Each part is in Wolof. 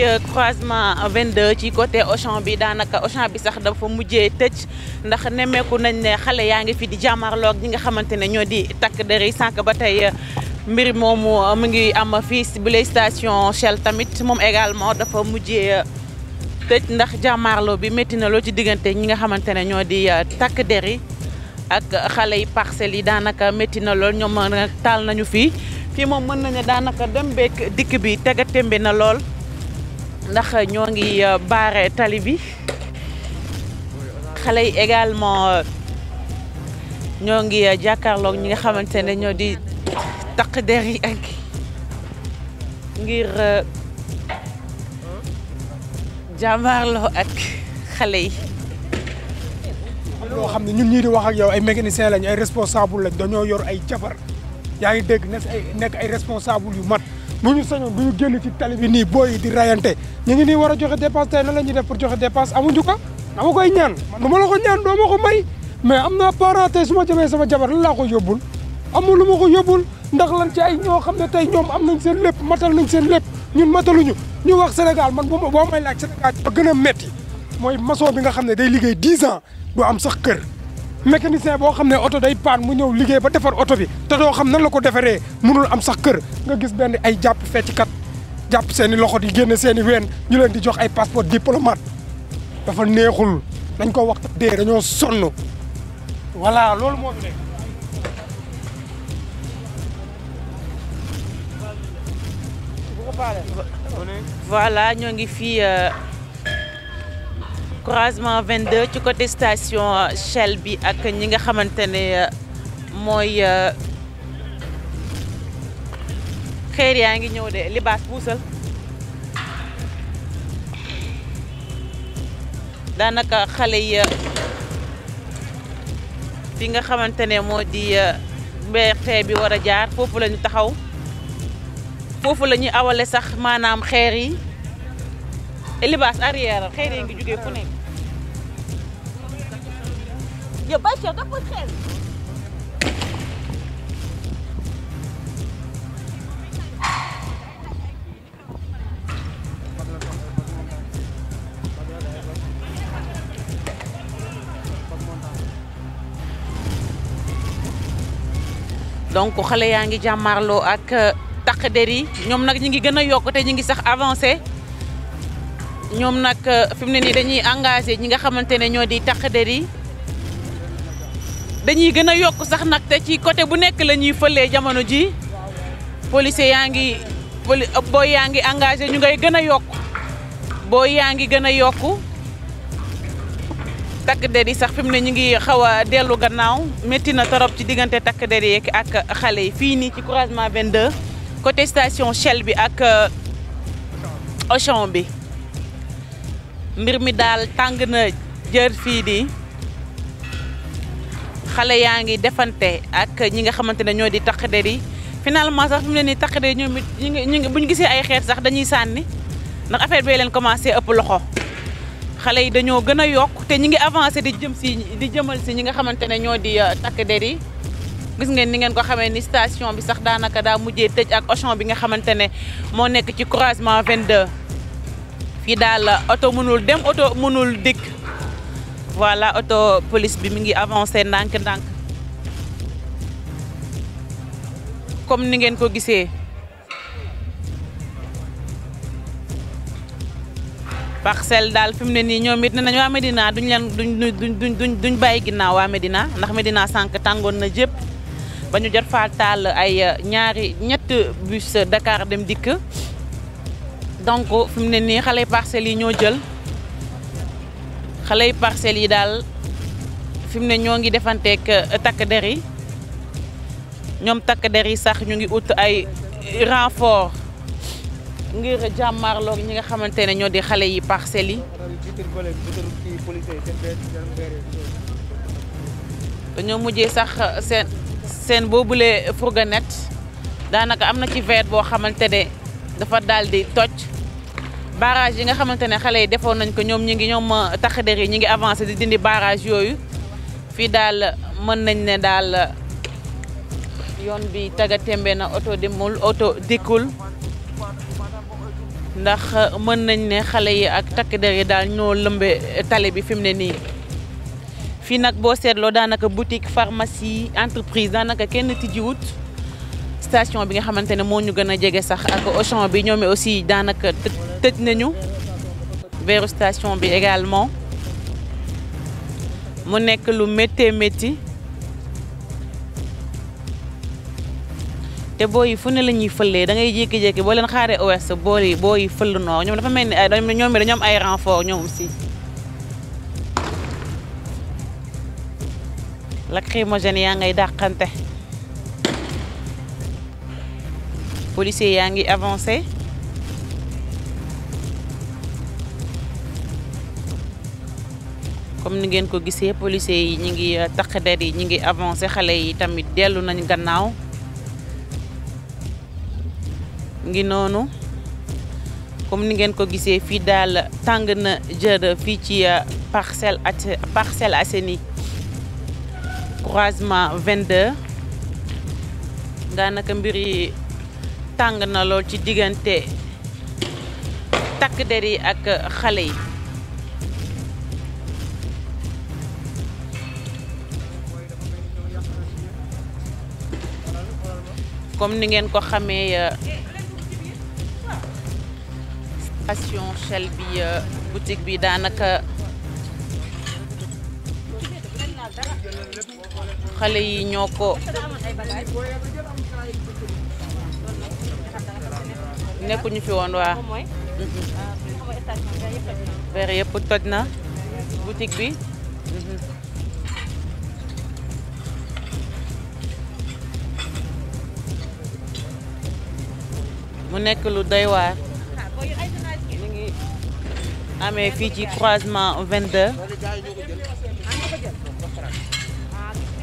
ci vingt 22 ci côté Auchan bi daanaka Auchan bi sax dafa mujjee tëj ndax nemmeeku nañ ne xale yaa ngi fi di jàmmarloog ñi nga xamante ne ñoo di takk der yi sànq ba tey euh, mbir moomu euh, mu ngi am fii bu lay station Shell tamit moom également dafa mujjee euh, tëj ndax jàmmaarloo bi métti na loo ci diggante ñi nga xamante ne ñoo di takk der yi ak xale yi parcelles yi daanaka métti na lool ñoom nag taal nañu fii fii moom mën nañu daanaka dem beek dikk bi tega témbe na lool ndax ñoo ngi euh, baare tali bi xale yi également euh, ñoo ngi euh, jàkkaarloog ñi nga xamante ne ñoo di takk der yi ak ngir jàmbaarloo ak xale yi. loo xam ñun ñii di wax ak yow ay mécanicien lañ ay responsable lañ dañoo yor ay jabar yaa ngi dégg nekk ay responsable yu mat. mu ñu sañoon du ñu génn ci tali bi nii booy di rayante ñu ngi nii war a joxe dépense tey na la ñuy def pour joxe dépense amuñu ko dama koy ñaan man du ma la ko ñaan doo ma ko may mais am na parent tey su ma jëmee sama jabar lan laa ko yóbbul amul lu ma ko yóbbul ndax lan ci ay ñoo xam ne tey ñoom am nañ seen lépp matal nañ seen lépp ñun mataluñu ñu wax Sénégal man boo may laaj Sénégal ba gën a metti mooy maçon bi nga xam ne day liggéey dix ans du am sax kër mécanicien boo xam ne oto day paan mu ñëw liggéey ba defar oto bi te doo xam nan la ko defaree mënul am sax kër nga gis benn ay jàpp feccikat jàpp seeni loxo di génne seeni i ween ñu leen di jox ay passeport diplomate dafa neexul dañ ko wax dee dañoo sonn voilà loolu moo fi nekk ñoo ngi fii euh, croisement 22 ci côté station Shell bi ak ñi nga xamante ne euh, mooy euh, xeer yaa ngi ñëw de libaas puusal daanaka xale yi euh, fi nga xamante ne moo di mbeextee bi war a jaar foofu la taxaw foofu la ñuy awale sax maanaam xeer yi libaas arrière xëy na ngi jugee ku nekk. donc xale yaa ngi jàmmarloo ak euh, takk der yi ñoom nag ñi ngi gën a yokk te ñi ngi sax avancé. ñoom nag euh, fi mu ne nii dañuy engagé ñi nga xamante ne ñoo di takk der dañuy gën a yokk sax nag te ci côté bu nekk la ñuy fëlee jamono ji policier yaa ngi poli euh, booy yaa ngi engagé ñu ngay gën a yokk booy yaa ngi gën a yokk takk der sax fi mu ne ñu ngi xaw a dellu gannaaw métti na torop ci diggante takk der yi ak xale yi fii nii ci croisement 22 côté station Shell bi ak euh, Auchan bi mbir mi daal tàng na jër fii nii xale yaa ngi defante ak ñi nga xamante ne ñoo di takk der yi finalement sax fi mu ne nii takk der yi ñoom it ñu ngi buñ gisee ay xeet sax dañuy sànni ndax affaire bee leen commencé ëpp loxo xale yi dañoo gën a yokk te ñi ngi avancé di jëm si di jëmal si ñi nga xamante ne ñoo di euh, takk der yi gis ngeen ni ngeen ko xamee ni station bi sax daanaka daa mujjee tëj ak Auchan bi nga xamante ne moo nekk ci croisement 22. gi daal oto mënul dem oto mënul dikk voilà oto police bi mi ngi avancé ndànk-ndànk comme ni ngeen ko gisee parcelle daal fi mu ne nii ñoom it ne nañ waa Medina duñ leen duñ duñ duñ bàyyi ginnaaw waa Medina ndax Medina sànq tàngoon na jëpp ba ñu jot faa taal ay ñaari ñett bus Dakar dem dikk donc fi mu ne nii xale parcelles yi ñoo jël xale yi parcelles yi daal fi mu ne ñoo ngi defanteeg euh, takk der yi ñoom takk der yi sax ñu ngi ut ay renfort ngir jàmmaarloog ñi nga xamante ne ñoo di xale yi parcelles yi. dañoo mujjee sax euh, seen seen boobulee fourgonnette daanaka am na ci veet boo xamante ne dafa daal di toj. barrage yi nga xamante ne xale yi defoon nañ ko ñoom ñi ngi ñoom euh, takk der yi ñi ngi avancé di dindi barrage yooyu fii daal euh, mën nañ ne daal euh, yoon bi taga tembe na oto demul oto dikkul ndax mën nañ ne xale yi ak takk der yi daal ñoo lëmbe tali bi fi mu ne nii fii nag boo seetloo daanaka boutique pharmacie entreprise daanaka kenn tijjiwut station bi nga xamante ne moo ñu gën a jege sax ak Auchan bi ñoom aussi daanaka tëj nañu weeru station bi également mu nekk lu méttee métti te booy yi fu ne la ñuy fëlee da ngay jékki-jékki boo leen xaaree ouest bool yi booy yi fël noo ñoom dafa mel ni ay ñoom dañoo am ay renfort ñoom aussi. lacrymogène yaa ngay dàqante. policier yaa ngi avancé comme ni ngeen ko gisee policier yi ñu ngi euh, takk der yi ñu ngi avancé xale yi tamit dellu nañu gannaaw ngi noonu comme ni ngeen ko gisee fii daal tàng na jër fii ci euh, parcelle Parcelles Assainies croisement 22 daanaka mbir yi tàng na lool ci diggante takk der yi ak xale yi comme ni ngeen ko xamee euh, station Shell bi euh, boutique bi daanaka xale yi ñoo ko nekkuñu fi woon waa. Ah, verre yëpp toj na boutique bi. Mm-hmm. mu nekk lu doy waar. ñu ah, ngi amee fii ci croisement 22.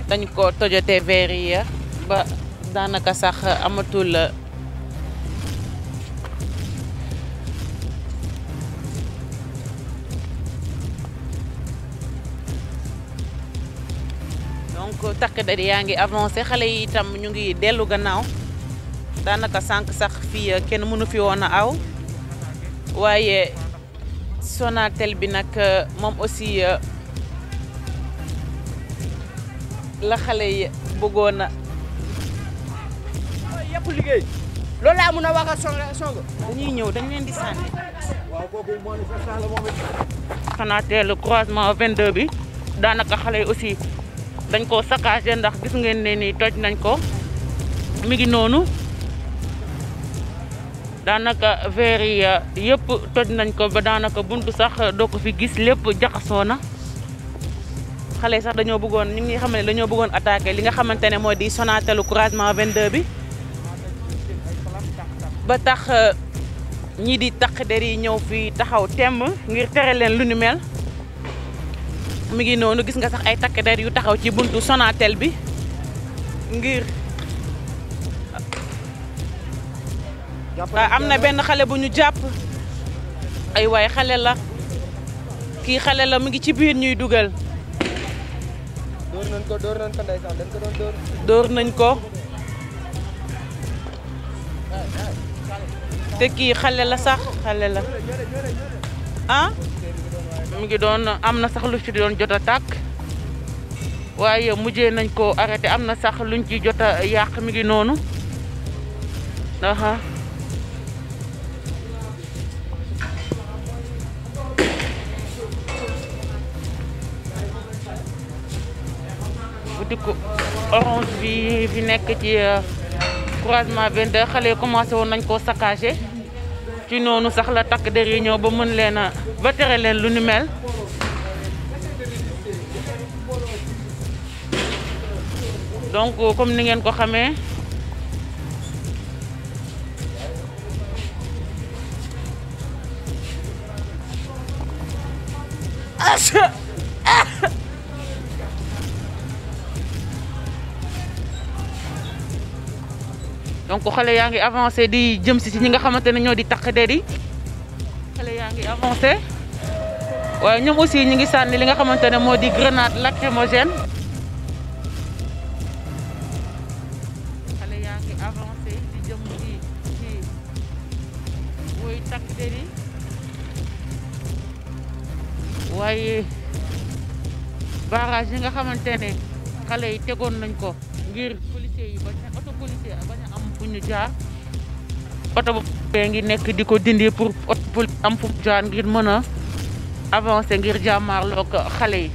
dañ ah, ko tojotee verre yi ba daanaka sax amatul. Euh, donc takk der yaa ngi avancé xale yi itam ñu ngi dellu gannaaw daanaka sànq sax fii eh, kenn mënu fi woon a aw waaye Sonatel bi nag eh, moom aussi eh, la xale yi bëggoon a. yëpp liggéey. loolu laa mun a wax ak song dañuy ñëw dañ leen di sànni. waaw kooku manifestant la bi daanaka xale yi aussi. dañ koo saccagé ndax gis ngeen ne ni toj nañ ko mu ngi noonu daanaka verre yi euh, yëpp toj nañ ko ba daanaka bunt sax doo ko fi gis lépp jaxasoo na xale sax dañoo bëggoon ñi nga xam ne dañoo bëggoon attaqué li nga xamante ne mooy di Sonatel Couragement 22 bi ba tax euh, ñii di taq der yi ñëw fi taxaw temb ngir tere leen lu ni mel. mi ngi noonu gis nga sax ay takk der yu taxaw ci buntu Sonatel bi ngir waaw ah, am na benn xale bu ñu jàpp ay waay xale la kii xale la mu ngi ci biir ñuy dugal dóor nañ ko dóor nañ ko ndeysaan dóor nañ ko te kii xale la sax xale la ah mi ngi doon am na sax lu ci doon jot a tàkk waaye mujje nañ ko arrêté am na sax luñ ci jot a yàq mi ngi noonu aha boutique orange bi fi nekk ci euh, croisement 22 xale yi commencé woon nañ koo saccagé ci noonu sax la takk der yi ñëw ba mën leen a ba tere leen lu nu mel donc comme ni ngeen ko xamee ah, donc xale yaa ngi avancé di jëm si si ñi nga xamante ne ñoo di takk de yi xale yaa ngi avancé waaye ñoom aussi ñi ngi sànni li nga xamante ne moo di grenade lacrymogène xale yaa ngi avancé di jëm si woy takk der yi waaye barrage yi nga xamante ne xale yi tegoon nañ ko ngir ñu jaar oto bu ngi nekk di ko dindi pour pour am fu jaar ngir mën a avancer ngir jàmmaarloog xale yi.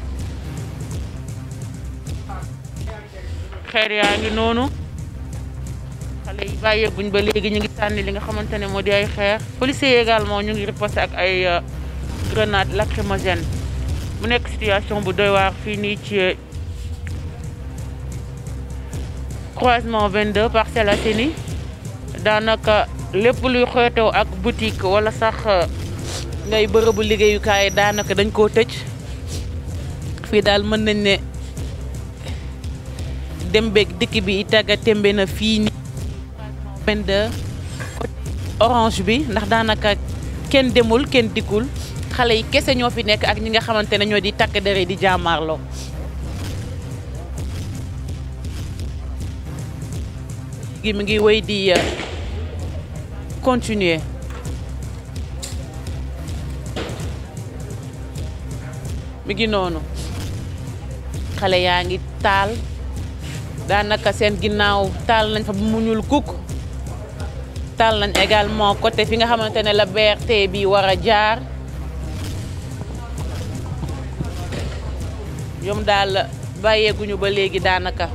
xeer yaa ngi noonu xale yi bàyyeeguñ ba léegi ñu ngi sànni li nga xamante ne moo di ay xeer policiers yi également ñu ngi riposté ak ay euh, grenade lacrymogène mu nekk situation bu doy waar fii nii ci euh, croisement 22 Parcelles Assainies daanaka lépp luy xeetoo ak boutique walla sax euh, ngay bërëbu liggéeyukaay daanaka dañ koo tëj fii daal mën nañ ne dem beeg dikk bi tagga tembe na fii ni orange bi ndax daanaka kenn demul kenn dikkul xale yi kese ñoo fi nekk ak ñi nga xamante ne ñoo di takk dere di jaamaarloo gi mi ngi wéy di euh, continuer mi ngi noonu xale yaa ngi taal daanaka seen ginnaaw taal nañ fa bu mu ñuul kukk taal nañ également côté fi nga xamante ne la BRT bi war a jaar ñoom daal bàyyeeguñu ba léegi daanaka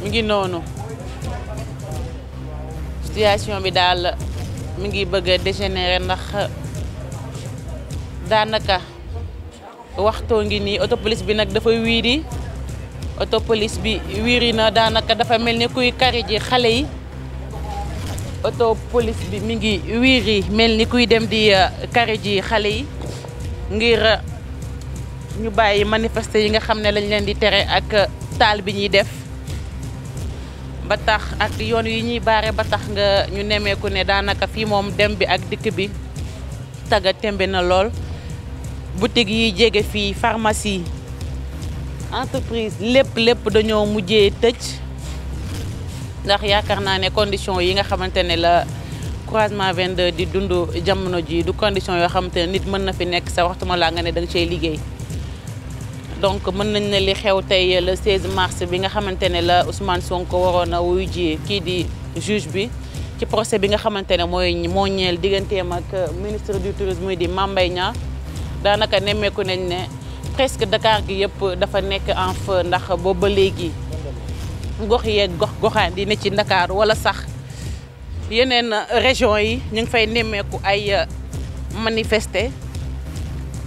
mu ngi noonu situation bi daal mi ngi bëgg a dégénéré ndax daanaka waxtoo ngi nii autopolis bi nag dafa wiiri autopolis bi wiiri na daanaka dafa mel ni kuy kari ji xale yi autopolis bi mi ngi wiiri mel ni kuy dem di euh, kari ji xale yi ngir euh, ñu bàyyi manifester yi nga xam ne lañ leen di tere ak euh, taal bi ñuy def ba tax ak yoon yi ñuy bare ba tax nga ñu nemmeeku ne daanaka fii moom dem bi ak dikk bi tagga tembe na lool boutique yi jege fii pharmacie entreprise lépp lépp dañoo mujjee tëj ndax yaakaar naa ne condition yi nga xamante ne la croisement 22 di dund jamono ji du condition yoo xamante ne nit mën na fi nekk sa waxtuma laa nga ne da nga liggéey donc mën nañ ne li xew tey euh, le 16 mars bi nga xamante ne la Ousmane Sonko waroon a wuyu ji kii di juge bi ci procès bi nga xamante ne mooy moo ñeel digganteem ak euh, ministre du tourisme di Mame Mbaye daanaka nemmeeku nañ ne presque Dakar gi yëpp dafa nekk en feu ndax booba léegi gox yeeg gox goxaan di ne ci ndakaaru wala sax yeneen euh, région yi ñu ngi fay nemmeeku ay manifeste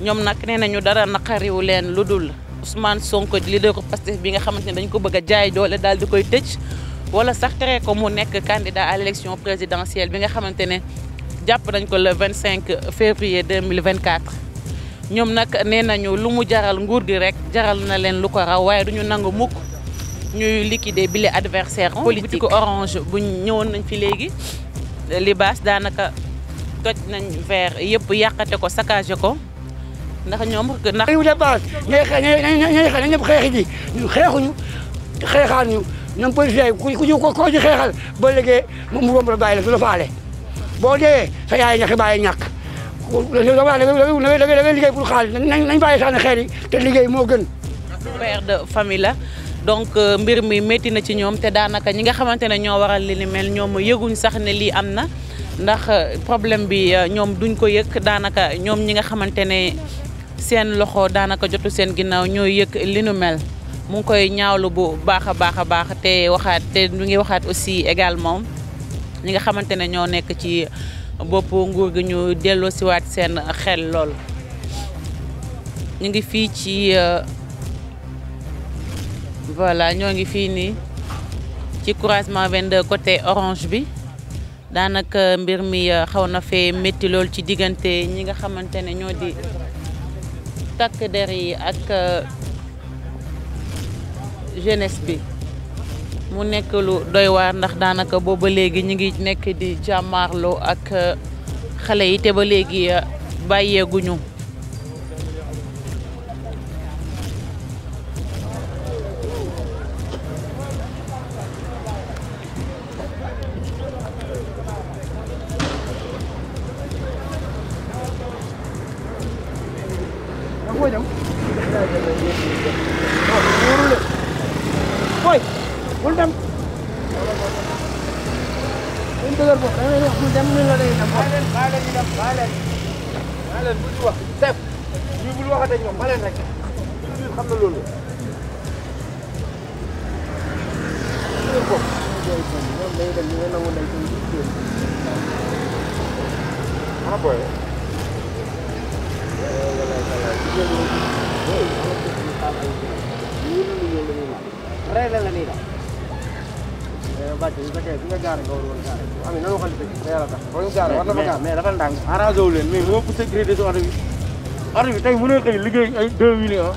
ñoom nag nee nañu dara naqariwu leen lu dul Ousmane Sonko di leader Pastef bi nga xamante ne dañ ko bëgg a jaay doole daal di koy tëj wala sax tere ko mu nekk candidat à l' présidentielle bi nga xamante ne jàpp nañ ko la le 25 février 2024. ñoom nag nee nañu lu mu jaral nguur gi rek jaral na leen lu ko raw waaye duñu nangu mukk ñuy liquider bile adversaire oh, politique orange bu ñëwoon nañ fi léegi libaas daanaka toj nañ verre yëpp yàqate ko saccagé ko ndax ñoom ndax yu la base ñay xeex ñëpp xeexi ji xeexuñu xeexaan ñu ñoom policiers yi ñu koo ci xeexal ba léegi moom mu romb la bàyyi la su la boo dee sa yaay ñax bàyyi ñàkk da ngay liggéey pour xaalis nañ bàyyi sànni xeer yi te liggéey moo gën père de famille la donc mbir mi métti na ci ñoom te daanaka ñi nga xamante ne ñoo waral li ni mel ñoom yëguñu sax ne lii am na ndax problème bi ñoom duñ ko yëg daanaka ñoom ñi nga xamante ne seen loxo daanaka jotu seen ginnaaw ñoo yëkk li nu mel mu ngi koy ñaawlu bu baax a baax a baax te waxaat te ñu ngi waxaat aussi également ñi nga xamante ne ñoo nekk ci bopp nguur gi ñu delloo siwaat seen xel lool ñu ngi fii ci euh, voilà ñoo ngi fii nii ci croisement 22 côté orange bi daanaka mbir mi euh, xaw na fee métti lool ci diggante ñi nga xamante ne ñoo di takk der yi ak euh, jeunesse bi mu nekk lu doy waar ndax daanaka booba léegi ñu ngi nekk di jàmmaarloo ak euh, xale yi te ba léegi euh, bàyyeeguñu leen di dem bàyyi leen bàyyi leen bul wax def ñu bul waxate ñoom bàyyi leen rek toujours xam na loolu ah boy réglé la nii la bàcc sa kay su nga gaare nga war woon gaare am nan waxal dëgg da yàlla tax boo war na fa gaar mais dafa ndànk arrangé wu leen mais moo ëpp sécurité si oto bi oto bi tey mënoo liggéey ay deux millions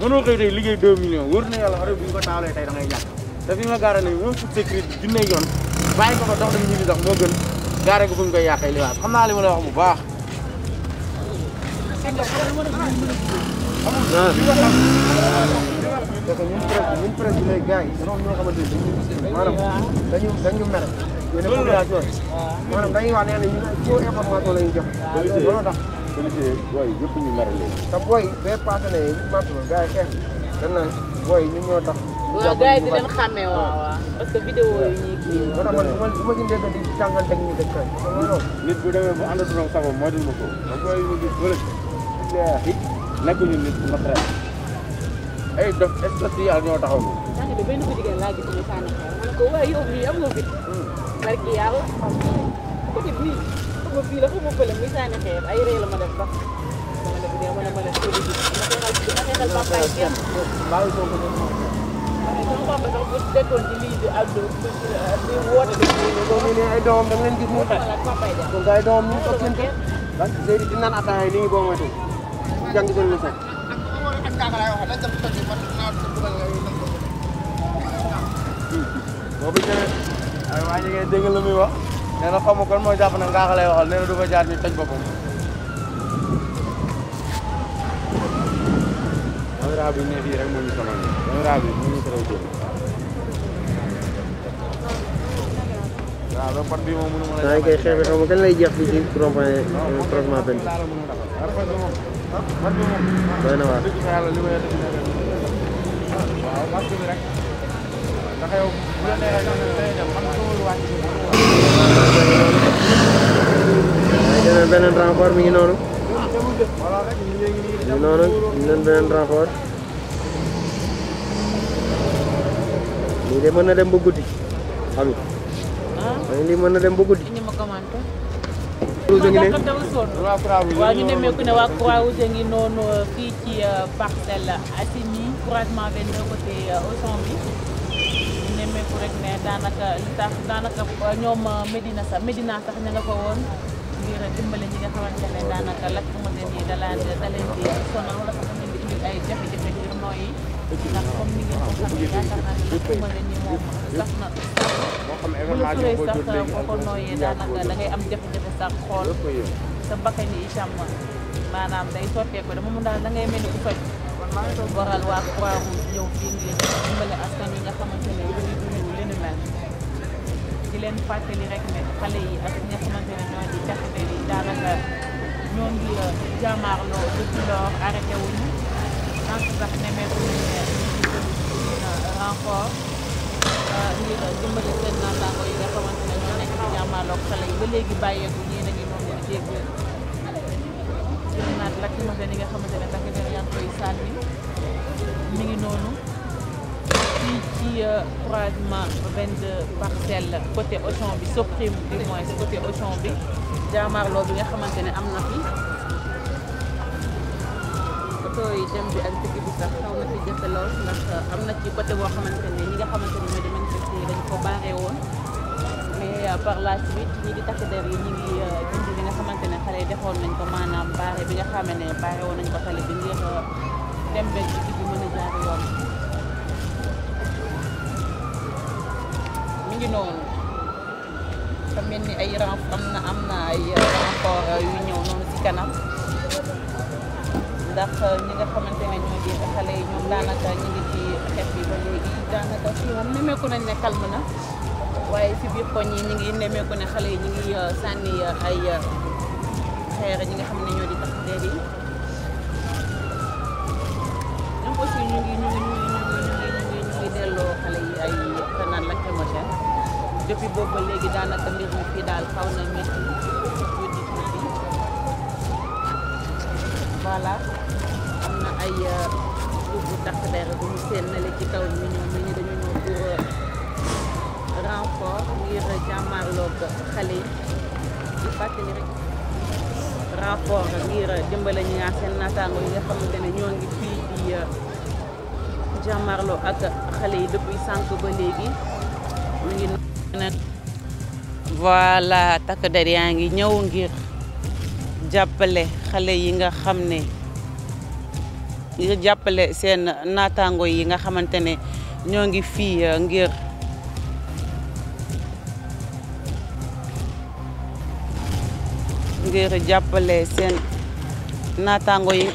mënoo xëy liggéey deux millions wóor na yàlla oto bi ñu ko taalee tey da ngay ñàkk te fi nga gaare ne moo ëpp sécurité junne moo gën gaare ko fu ñu koy yàqee liwaat xam ma la wax bu baax parce que ñun presse bi ñun presse bi léegi gars yi dañoo ñoo xamante ni maanaam dañu dañu mere ñu ne population maanaam dañuy wax nee na ñu faux information la ñu jox loolu tax policier booy yëpp ñu mere léegi te booy bee passé na yi mars gars yi xeex dañ naan booy ñun ñoo tax waaw gars yi di leen xàmmee waaw waaw parce que vidéo yi ñuy kii moo tax man man bu ma ci dégg di jàngal teg ñu dëkk nit bu demee bu àndatunoo sago moo di ñu ma traité ay dof spécial ñoo taxaw nii. sànq de benn boutique laa gis ñu sànni xeer ma ne ko waaye yow mii am nga fit. Hmm. barki yàlla côté bii xam nga fii la xam nga fële muy sànni xeer ay réew la ma def sax ma ne ko dee ma ne ma ne ko dee ma xeexal ma xeexal papa yi kenn. maa ngi soog a ñëw moom. ma ne sama papa sax bu dekkoon ci lii di àddoo eh, di woote di. doom yi ne ay doomam da nga leen gis mu tax. papa yi def donc ay doomam ñu ngi toog seen kër. parce que Seydou dinañ attaqué nii boo moytuwul. jàng seen lu set. boobu jëlee waaye waa ñu ngi dégg lu muy wax nee na xaw ma kon moo jàpp ne ngaa lay waxal nee na du ko jaar ñu toj boppam. caméra bi ne fii rek moo ñu sonal caméra bi moo ñu sonal jëm. waaw ba pot bi moom mënu ma la. daa ngi koy xeex bi xaw ma kañ lay jeex fii ci rond-point croisement benn. doy na waar. waaw beneen renfort mi ngi noonu. mi ngi noonu ñu leen beneen renfort. lii de mën na dem ba guddi. xam nga lii mën na dem ba guddi. waaw ñu nemmeeku ne waa croix ngi noonu euh, fii ci euh, Parcelles Assainies croisement 22 côté euh, Auchan bi ñu nemmeeku rek ne daanaka li tax daanaka ñoom Médina sax Médina sax ña nga fa woon ngir dimbale ñi nga xamante ne daanaka lakk ma leen yi da leen di sonal wala sax leen di indil ay jafe-jafe ngir nooyi ndax comme ni ngeen ko sax na bu la suuree sax boo ko nooyee daanaka da am jafe-jafe sax xool sa bakkan yi itam maanaam day sotteeku dama mun daal da ngay mel ni ku faj waral waa Croix-Rouge ñëw fii ngir dimbale askan yi nga xamante ne ñu ngi dund li nu mel di leen fàttali rek ne xale yi ak ñi nga xamante ne ñoo di jaxate yi daanaka centre sax nemmeeku renfort euh, ngir dimbali seen naataango yi nga xamante ne ñoo nekk ci jàmmaarloog xale yi ba léegi bàyyeeku ñii nañu moom di jéggee jël naat lacrymogène yi nga xamante ne takk der yaa ngi koy sànni mi ngi noonu fii ci euh, croisement 22 parcelle côté Auchan bi Soprim du moins côté Auchan bi jàmmaarloo bi nga xamante ne am na fi koy dem bi ak dëgg bi sax xaw na ci jafe lool ndax am na ci côté boo xamante ne ñi nga xamante ne ñoo di manifester yi dañ ko baaree woon mais euh, par la suite ñi di takk der yi ñu ngi euh, indi li nga xamante ne xale yi defoon nañ ko maanaam baare bi nga xam ne baare woon nañ ko xale bi ngir euh, dem beeg dëgg bi mën a jaar yoon mi ngi noonu xam mel ni ay renf am na am na ay renfort yu ñëw noonu ci kanam ndax euh, ñi nga xamante ne ñoo di xale yi ñoom daanaka ñu ngi ci xeex bi ba léegi daanaka fii moom nemeeku nañ ne calme na waaye si biir koñ yi ñu ngi nemeeku ne xale yi ñu ngi euh, sànni euh, ay xeer ñi nga xam ne ñoo di tax dér ñu ngi ñu ngi ñu ngi delloo xale yi ay naan lacrymogène depuis boobu ba léegi daanaka mbir mi fii daal xaw na métti voilà ay groupe euh, takk der bu seen nale ci kaw ñu ñoom ñu dañu ñëw pour euh, renfort ngir ngir euh, jàmmarloo ak xale yi depuis sànq ba léegi mu ngi nag voilà takk der yaa ngi ñëw ngir jàppale xale yi nga xam ne jàppale seen naataango yi nga xamante ne ñoo ngi fii euh, ngir ngir jàppale seen naataango yi